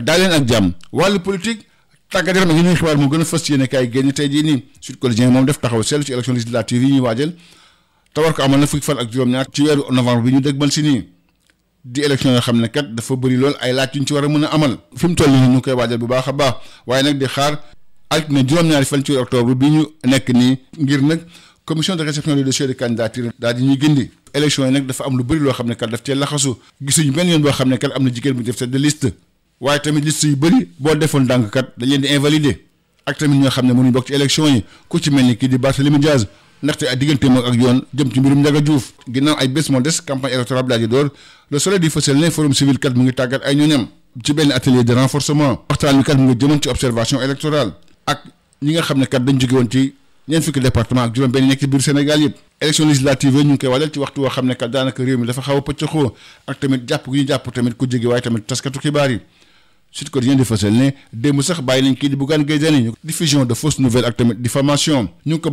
daa leen ak jàmm wàllu politique tàggat yaram yi ñuy xibaar moo gën a fës yéene tey jii nii Sud Quotidien moom def taxaw seetlu ci élection législative yi ñuy waajal tawar ko amal na fukki fan si nii di élection yoo xam ne dafa bëri lool ay laaj yu ci war a mën a amal fi mu toll nii ñu koy waajal bu baax a baax waaye nag di xaar altine juróom-ñaari fan ci bi ñu nekk nii ngir nag commission de réception des dossiers de candidature daal di ñuy dafa am lu bëri loo xam ne kat daf cee laxasu gisuñu benn yoon boo xam ne kat am na jigéen bu def tête de liste waaye tamit liste yu bëri boo defoon dànk kat dañ leen di invalider ak tamit ñoo xam ne mënuñ bokk ci élection yi ku ci mel ni kii di Barthélémy Diaz ndaxte ay digganteem ak yoon jëm ci mbirum Ndiaga Diouf ginnaaw ay bés moo des campagne électorale bi door le soleil di ne forum civil kat mu ngi tàggat ay ñooñam ci benn atelier de renforcement waxtaan wi kat mu ngi jëmoon ci observation électorale ak ñi nga xam ne kat dañ jóge woon ci ñeent fukki département ak juróom benn nekk ci biir ne kat daanaka a pëccëxoo ak tamit jàpp gi tamit ku jege waaye tamit taskatu Sud Quotidien di fasal ne démb sax bàyyi nañ kii di Bougane Gueye Dany diffusion de fausses nouvelles ak tamit diffamation na ko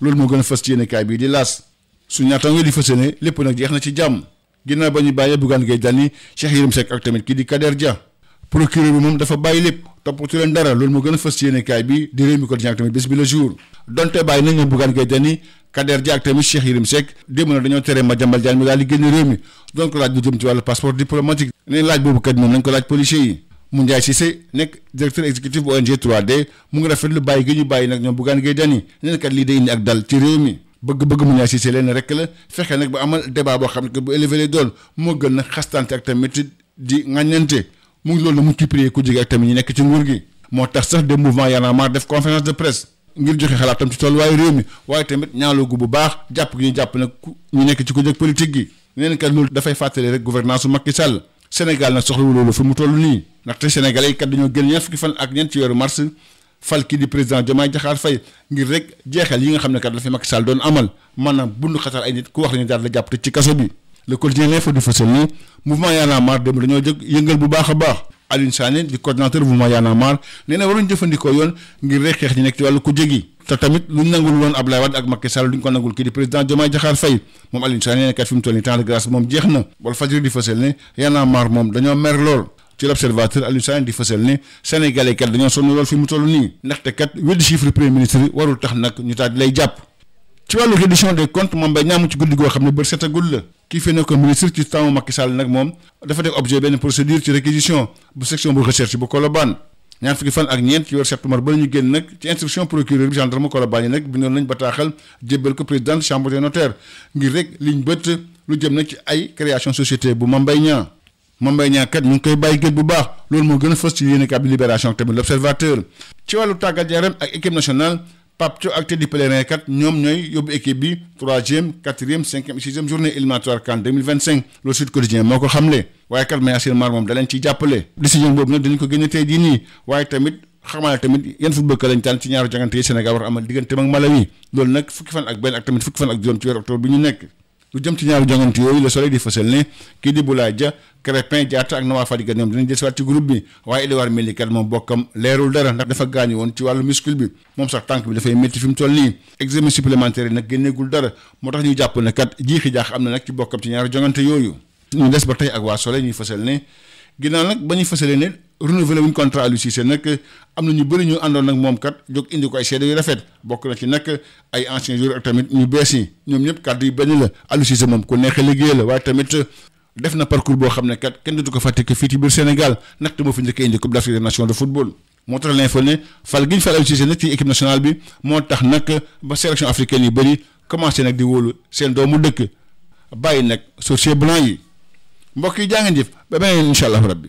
loolu moo gën a fas ci yéenekaay bii di laas su ñaataango ne lépp nag jeex na ci jàmm ginnaaw ba ñu bàyyee Bougane Gueye Dany Cheikh tamit kii di moom dafa bàyyi lépp toppatu leen dara loolu moo gën a fas ci bi di Rewmi Quotidien ak tamit bés bi le jour donte bàyyi nañ ne Bougane Gueye Kader jaa ak tamit Cheikh Yérim Seck démb na dañoo tere Madiambal Diagne mu daal di génn réew mi doon ko laaj bu jëm ci wàllu passeport diplomatique neen laaj boobu kat moom nañ ko laaj policiers yi Moundiaye Cissé nekk directeur exécutif bu ONG 3D mu ngi rafetlu bàyyi gi ñu bàyyi nag ñoom Bougane Gueye Dany neen kat lii day indi ak dal ci réew mi bëgg-bëgg Moundiaye Cissé leen rek la fexe nag ba amal débat boo xam ne bu élevé lay doon moo gën nag xastante ak tamit di ŋàññante mu ngi loolu la mu multiplier ku jege nekk ci nguur gi moo tax sax des a def conférence de presse ngir joxe xalaatam ci tolluwaayu réew mi waaye tamit ñaaloogu bu baax jàpp gi ñu jàpp nag ñu nekk ci ku jëkk politique gi neen kat loolu dafay fàttale rek gouvernance su Macky Sall Sénégal nag soxlawu loolu fi mu toll nii ndaxte Sénégalais yi kat dañoo gën ñaar fukki fan ak ñeent ci weeru mars fal kii di président Diomaye Diakhar Faye ngir rek jeexeel yi nga xam ne kat la fi Macky Sall doon amal maanaam bundu xatar ay nit ku wax lañu daal la jàpp te ci kaso bi le quotidien l'info di fësal a marre dem dañoo jóg yëngal bu baax baax Alioune Sané di coordinateur bu Y'en a marre nee na jëfandikoo yoon ngir rek xeex ñi nekk ci wàllu ku jégi te tamit lu ñu nangul woon Ablaye Wade ak Macky Sall duñ ko nangul kii di président Diomaye Diakhar Faye moom Alioune Sané nee na kat fi mu toll nii temps de grâce moom jeex na wala fajiri di fësal ne Y'en a marre moom dañoo mer lool ci l'observateur Alioune Sané di fësal ne sénégalais kat dañoo sonn lool fi mu toll nii ndaxte kat weddi chiffre premier ministre warul lay jàpp ci wàllu reddition des comptes moom bay ñaamu ci guddi goo xam ne bër setagul la kii fi nekkoon ministre ci temps Macky Sall nag moom dafa nekk objet benn procédure ci réquisition bu section bu recherche bu Colobane ñaar fukki fan ak ñeent ci weer septembre ba la génn nag ci instruction procureur bi gendarme Colobane yi nag bindoon nañ bataaxal jébbal ko président chambre des notaires ngir rek liñ bëtt lu jëm nag ci ay création société bu Mame Mbaye Niang Mame kat ñu ngi koy bàyyi gët bu baax loolu moo gën a fës ci yéen ak ab libération tamit l' observateur wàllu tàggat yaram ak équipe Pape Thio ak Teddy Pellerin kat ñoom ñooy yóbbu équipe bi troisième quatrième cinquième sixième journée éliminatoire CAN 2025 loolu Sud Quotidien moo ko xamle waaye kat Mayacine Mar moom da leen jàppale décision boobu nag dañ ko génne tey jii waaye tamit xamal tamit yan football lañ tànn ci ñaaru jàngante yi Sénégal war a amal digganteem ak Malawi loolu nag fukki fan ak benn ak tamit fukki fan ak juróom ci weeru octobre bi ñu lu jëm ci ñaari jongante yooyu le soleil di fësal ne kii di Boulaye Dia Crépin Diatta ak Noah Fadiga ñoom dinañ jësiwaat ci groupe bi waaye Edouard Mendy ci wàllu bi moom sax tànk bi dafay métti fi mu toll nii examen supplémentaire yi nag génneegul dara moo tax ñu jàpp ne kat jiixi jaax am na nag ci bokkam ci ñaari jongante yooyu ñu des ba tey ak waa soleil ñuy fësal ne ginnaaw nag ba ñu fësale ne renouvelé wuñ contrat Aliou Cissé nag am na ñu bëri ñu àndoon nag moom kat jóg indi ko ay seede yu rafet bokk na ci nag ay anciens joueurs ak tamit ñu bees yi ñoom ñëpp kàddu yi benn la Aliou Cissé moom ku neexee liggéey la waaye tamit def na parcours boo xam ne kat kenn dootu ko fàtte que fii ci biir Sénégal ndaxte moo fi njëkk a indi Coupe d'Afrique des Nations de football. moo tax l'info ne fal gi ñu fal Aliou Cissé ci équipe nationale bi moo tax nag ba sélection africaine yu bëri commencé nag di wóolu seen doomu dëkk bàyyi nag sorcier blanc yi mbokk yi jaa ngeen jëf ba beneen incha allah rabbi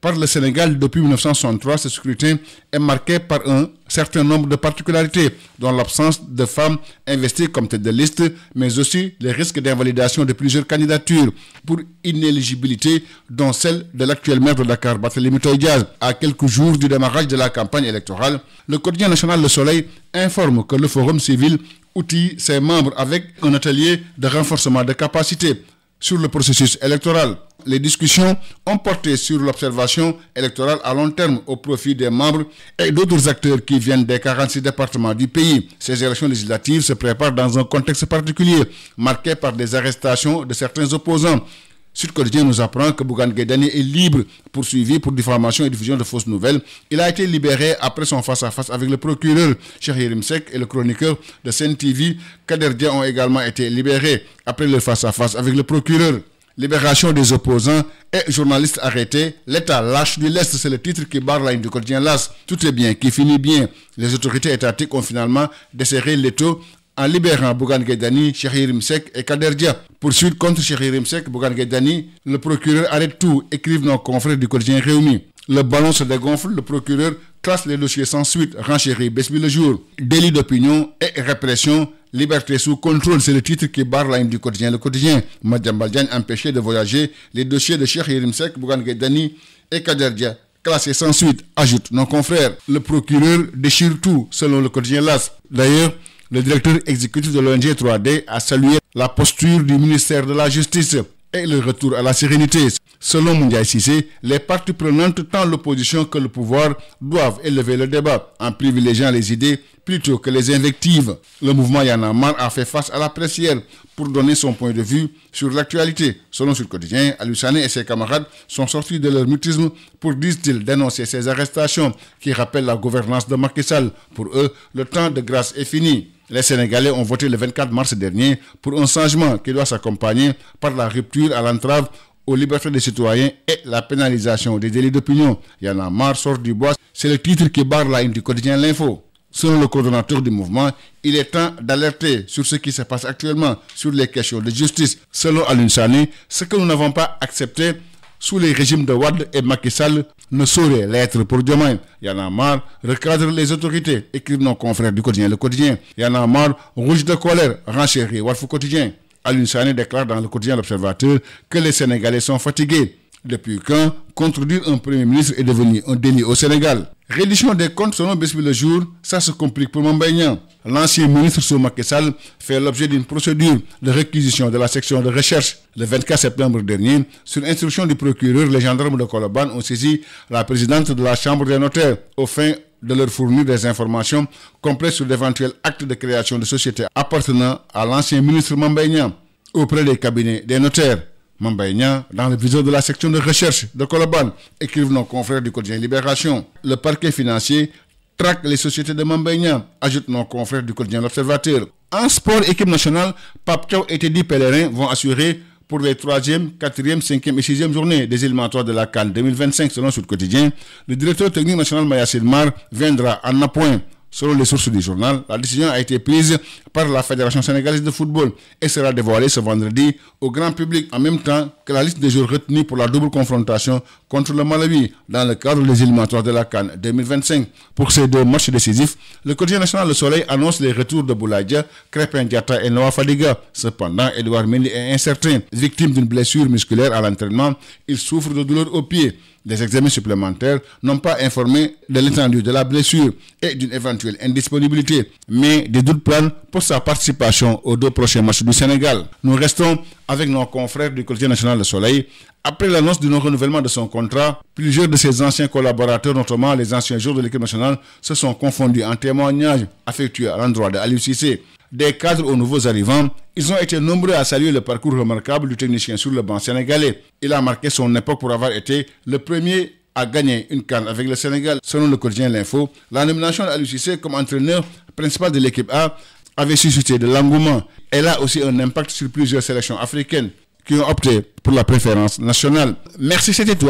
par le Sénégal depuis 1963, ce scrutin est marqué par un certain nombre de particularités, dont l'absence de femmes investies comme tête de liste, mais aussi les risque d'invalidation de plusieurs candidatures pour inéligibilité, dont celle de l'actuel maire de Dakar, Barthélémy Diaz. À quelques jours du démarrage de la campagne électorale, le quotidien national Le Soleil informe que le Forum civil outille ses membres avec un atelier de renforcement de capacité sur le processus électoral. Les discussions ont porté sur l'observation électorale à long terme au profit des membres et d'autres acteurs qui viennent des 46 départements du pays. Ces élections législatives se préparent dans un contexte particulier, marqué par des de certains opposants. Sud Quotidien nous apprend que Bougane Guedani est libre, poursuivi pour diffamation et diffusion de fausses nouvelles. Il a été libéré après son face-à-face avec le procureur Cheikh Yerim et le chroniqueur de CNTV Kader Dia ont également été libérés après le face-à-face avec le procureur. Libération des opposants et journalistes arrêtés, l'État lâche du lest, c'est le titre qui barre la ligne du quotidien LAS. Tout est bien, qui finit bien. Les autorités en libérant Bougan Gaydani, Cheikh Yerim Sek et Kader Dia. Poursuite contre Cheikh Yerim Sek, Bougan Gaydani, le procureur arrête tout, écrivent nos confrères du quotidien Réumi. Le ballon se dégonfle, le procureur classe les dossiers sans suite, renchérit Besbi le Délit d'opinion et répression, liberté sous contrôle, c'est le titre qui barre la du quotidien. Le quotidien, Madame Baldiane empêché de voyager, les dossiers de Cheikh Yerim Sek, et Kader Le directeur exécutif de l'ONG 3D a salué la posture du ministère de la Justice et le retour à la sérénité. Selon Moundiaï Sissé, les parties prenantes, tant l'opposition que le pouvoir, doivent élever le débat en privilégiant les idées plutôt que les invectives. Le mouvement Yanaman a fait face à la presse hier pour donner son point de vue sur l'actualité. Selon Sud Quotidien, Alusane et ses camarades sont sortis de leur mutisme pour, disent-ils, dénoncer ces arrestations Les Sénégalais ont voté le 24 mars dernier pour un changement qui doit s'accompagner par la rupture à l'entrave aux libertés des citoyens et la pénalisation des délits d'opinion. Il y en a marre, sort du bois. C'est le le coordonnateur du mouvement, il est temps d'alerter sous les régimes de Wad et Macky Sall ne saurait l'être pour Diomaye. Yann Amar recadre les autorités, écrivent nos confrères du quotidien Le Quotidien. Yann Amar rouge de colère, renchérit Walfou Quotidien. Alun Sané déclare dans le quotidien L'Observateur que les Sénégalais sont fatigués. Depuis quand, contredire un Premier ministre est devenu un déni au Sénégal Réduction des comptes selon Besbi le jour, ça se complique pour Mambaignan. L'ancien ministre sous Macky fait l'objet d'une procédure de réquisition de la section de recherche. Le 24 septembre dernier, sur instruction du procureur, les gendarmes de Colobane ont saisi la présidente de la Chambre des notaires au fin de leur fournir des informations complètes sur d'éventuels actes de création de sociétés appartenant à l'ancien ministre Mambaignan auprès des cabinets Mambaïnia, dans le viseur de la section de recherche de Colobane, écrivent nos confrères du quotidien Libération. Le parquet financier traque les sociétés de Mambaïnia, ajoute nos confrères du quotidien L'Observateur. En sport équipe nationale, Papchao et Teddy Pellerin vont assurer pour les 3e, 4 et 6e des éliminatoires de la Cannes 2025 selon Sud Quotidien. Le directeur technique national Maya Silmar viendra en appoint. Selon les sources du journal, la décision a été prise par la Fédération sénégalaise de football et sera dévoilée ce vendredi au grand public en même temps que la liste des jours retenus pour la double confrontation contre le Malawi dans le cadre des éliminatoires de la Cannes Pour ces deux matchs le quotidien national Le Soleil annonce les retours de Boulaïdia, Crépin Diata et Noah Fadiga. Cependant, Edouard Mendy est incertain. Victime d'une blessure musculaire des examens supplémentaires n'ont pas informé de l'étendue de la blessure et d'une éventuelle indisponibilité, mais des doutes planent pour sa participation aux deux prochains matchs du Sénégal. Nous restons avec nos confrères du Collège national de Soleil. Après l'annonce du non-renouvellement de son contrat, plusieurs de ses anciens collaborateurs, notamment les anciens joueurs de l'équipe nationale, se sont confondus en témoignages affectueux à l'endroit des cadres aux nouveaux arrivants, ils ont été nombreux à saluer le parcours remarquable du technicien sur le banc sénégalais. Il a marqué son époque pour avoir été le premier à gagner une canne avec le Sénégal. Selon le quotidien L'Info, la nomination de l'UCC comme entraîneur principal de l'équipe A avait suscité de l'engouement. Elle a aussi un impact sur plusieurs sélections africaines qui ont opté pour la préférence nationale. Merci, c'était tout.